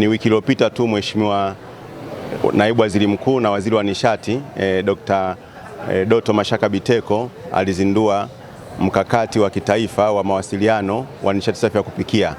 Ni wiki iliyopita tu Mheshimiwa Naibu Waziri Mkuu na Waziri wa Nishati e, Dr. e, Doto Mashaka Biteko alizindua mkakati wa kitaifa wa mawasiliano wa nishati safi ya kupikia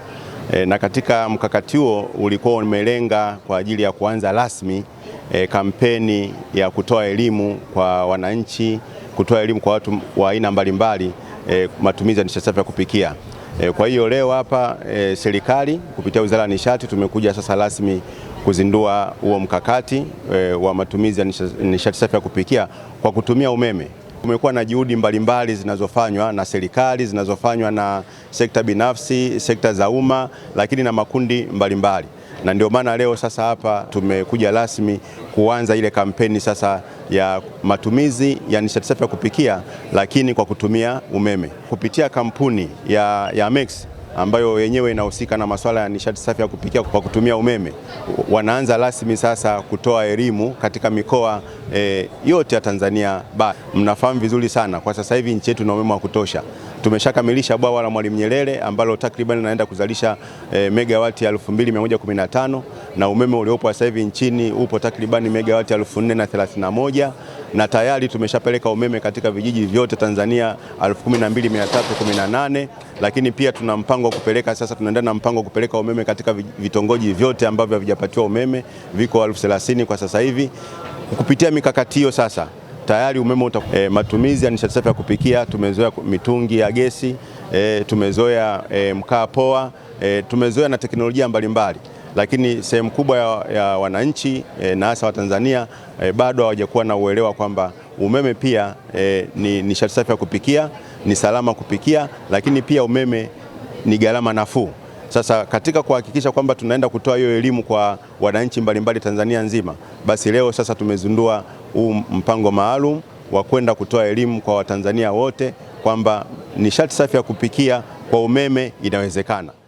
e, na katika mkakati huo ulikuwa umelenga kwa ajili ya kuanza rasmi e, kampeni ya kutoa elimu kwa wananchi, kutoa elimu kwa watu wa aina mbalimbali e, matumizi ya nishati safi ya kupikia. E, kwa hiyo leo hapa e, serikali kupitia Wizara ya Nishati tumekuja sasa rasmi kuzindua huo mkakati e, wa matumizi ya nishati safi ya kupikia kwa kutumia umeme. Kumekuwa na juhudi mbalimbali zinazofanywa na serikali, zinazofanywa na sekta binafsi, sekta za umma, lakini na makundi mbalimbali mbali na ndio maana leo sasa hapa tumekuja rasmi kuanza ile kampeni sasa ya matumizi ya nishati safi ya kupikia, lakini kwa kutumia umeme kupitia kampuni ya, ya Mex ambayo wenyewe inahusika na masuala ya nishati safi ya kupikia kwa kutumia umeme, wanaanza rasmi sasa kutoa elimu katika mikoa e, yote ya Tanzania ba. Mnafahamu vizuri sana kwa sasa hivi nchi yetu ina umeme wa kutosha. Tumeshakamilisha bwawa la Mwalimu Nyerere ambalo takriban inaenda kuzalisha e, megawati 2115 na umeme uliopo sasa hivi nchini upo takribani megawati 4431 na tayari tumeshapeleka umeme katika vijiji vyote Tanzania 12318 lakini pia tuna mpango wa kupeleka sasa, tunaendelea na mpango wa kupeleka umeme katika vitongoji vyote ambavyo havijapatiwa umeme, viko 1030 kwa sasa hivi. Kupitia mikakati hiyo sasa tayari umeme uta, e, matumizi ya nishati safi ya kupikia tumezoea mitungi ya gesi e, tumezoea e, mkaa poa e, tumezoea na teknolojia mbalimbali mbali lakini sehemu kubwa ya, ya wananchi e, na hasa Watanzania e, bado hawajakuwa na uelewa kwamba umeme pia e, ni nishati safi ya kupikia, ni salama kupikia, lakini pia umeme ni gharama nafuu. Sasa katika kuhakikisha kwamba tunaenda kutoa hiyo elimu kwa wananchi mbalimbali Tanzania nzima, basi leo sasa tumezindua huu mpango maalum wa kwenda kutoa elimu kwa Watanzania wote kwamba nishati safi ya kupikia kwa umeme inawezekana.